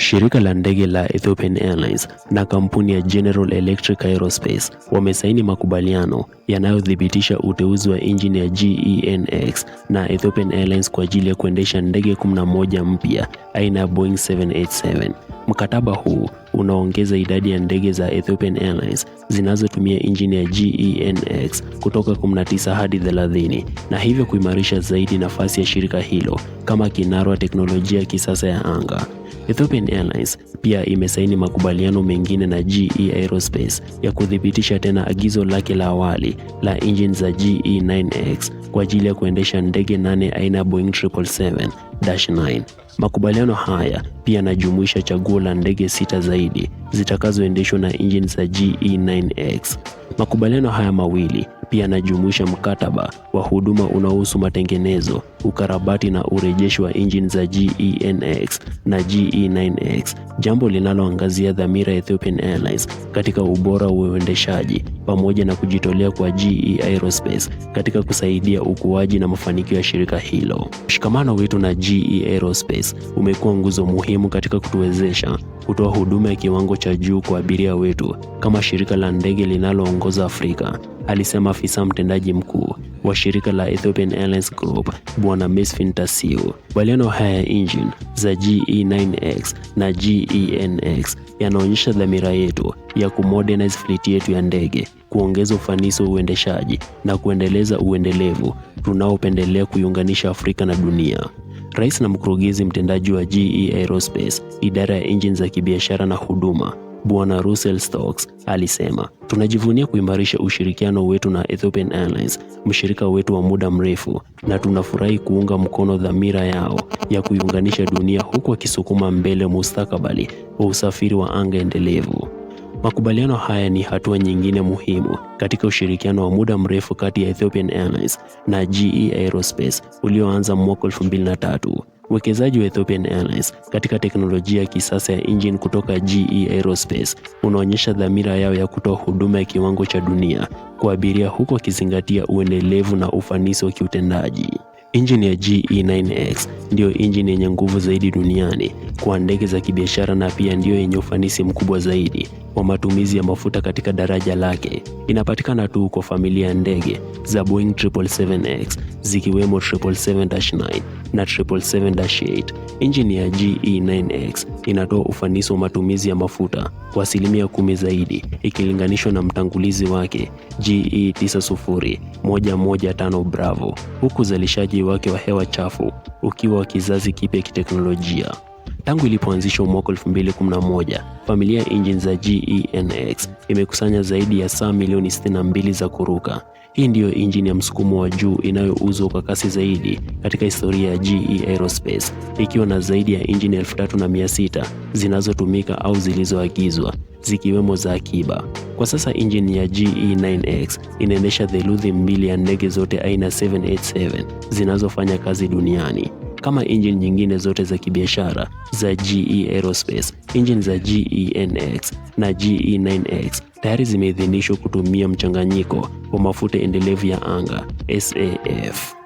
Shirika la ndege la Ethiopian Airlines na kampuni ya General Electric Aerospace wamesaini makubaliano yanayothibitisha uteuzi wa injini ya GEnx na Ethiopian Airlines kwa ajili ya kuendesha ndege 11 mpya aina ya Boeing 787. Mkataba huu unaongeza idadi ya ndege za Ethiopian Airlines zinazotumia injini ya GEnx kutoka 19 hadi 30 na hivyo kuimarisha zaidi nafasi ya shirika hilo kama kinara wa teknolojia ya kisasa ya anga. Ethiopian Airlines pia imesaini makubaliano mengine na GE Aerospace ya kuthibitisha tena agizo lake la awali la injini za GE9X kwa ajili ya kuendesha ndege nane aina ya Boeing 777-9. Makubaliano haya pia yanajumuisha chaguo la ndege sita zaidi zaidi zitakazoendeshwa na injini za GE9X. Makubaliano haya mawili pia yanajumuisha mkataba wa huduma unaohusu matengenezo, ukarabati na urejeshi wa injini za GEnx na GE9X, jambo linaloangazia dhamira ya Ethiopian Airlines katika ubora wa uendeshaji pamoja na kujitolea kwa GE Aerospace katika kusaidia ukuaji na mafanikio ya shirika hilo. Mshikamano wetu na GE Aerospace umekuwa nguzo muhimu katika kutuwezesha kutoa huduma ya kiwango cha juu kwa abiria wetu kama shirika la ndege linaloongoza Afrika, alisema afisa mtendaji mkuu wa shirika la Ethiopian Airlines Group Bwana Mesfin Tasiu. Baliano haya ya engine za GE9X na GEnx yanaonyesha dhamira yetu ya kumodernize fleet yetu ya ndege, kuongeza ufanisi wa uendeshaji na kuendeleza uendelevu tunaopendelea kuiunganisha Afrika na dunia. Rais na mkurugenzi mtendaji wa GE Aerospace, idara ya injini za kibiashara na huduma, Bwana Russell Stokes alisema, tunajivunia kuimarisha ushirikiano wetu na Ethiopian Airlines, mshirika wetu wa muda mrefu, na tunafurahi kuunga mkono dhamira yao ya kuiunganisha dunia huku akisukuma mbele mustakabali wa usafiri wa anga endelevu. Makubaliano haya ni hatua nyingine muhimu katika ushirikiano wa muda mrefu kati ya Ethiopian Airlines na GE Aerospace ulioanza mwaka 2003. Uwekezaji wa Ethiopian Airlines katika teknolojia ya kisasa ya injini kutoka GE Aerospace unaonyesha dhamira yao ya kutoa huduma ya kiwango cha dunia kwa abiria huku wakizingatia uendelevu na ufanisi wa kiutendaji. Injini ya GE9X ndiyo injini yenye nguvu zaidi duniani kwa ndege za kibiashara na pia ndiyo yenye ufanisi mkubwa zaidi wa matumizi ya mafuta katika daraja lake inapatikana tu kwa familia ya ndege za Boeing 777X zikiwemo 777-9 na 777-8. Injini ya GE9X inatoa ufanisi wa matumizi ya mafuta kwa asilimia kumi zaidi ikilinganishwa na mtangulizi wake GE90115 Bravo, huku uzalishaji wake wa hewa chafu ukiwa wa kizazi kipya kiteknolojia. Tangu ilipoanzishwa mwaka 2011, familia engine injini za GEnx imekusanya zaidi ya saa milioni 62 za kuruka. Hii ndiyo injini ya msukumo wa juu inayouzwa kwa kasi zaidi katika historia ya GE Aerospace, ikiwa na zaidi ya injini 3600 zinazotumika au zilizoagizwa, zikiwemo za akiba. Kwa sasa injini ya GE9X inaendesha theluthi mbili ya ndege zote aina 787 zinazofanya kazi duniani kama injini nyingine zote za kibiashara za GE Aerospace. Injini za ge NX na GE9X tayari zimeidhinishwa kutumia mchanganyiko wa mafuta endelevu ya anga SAF.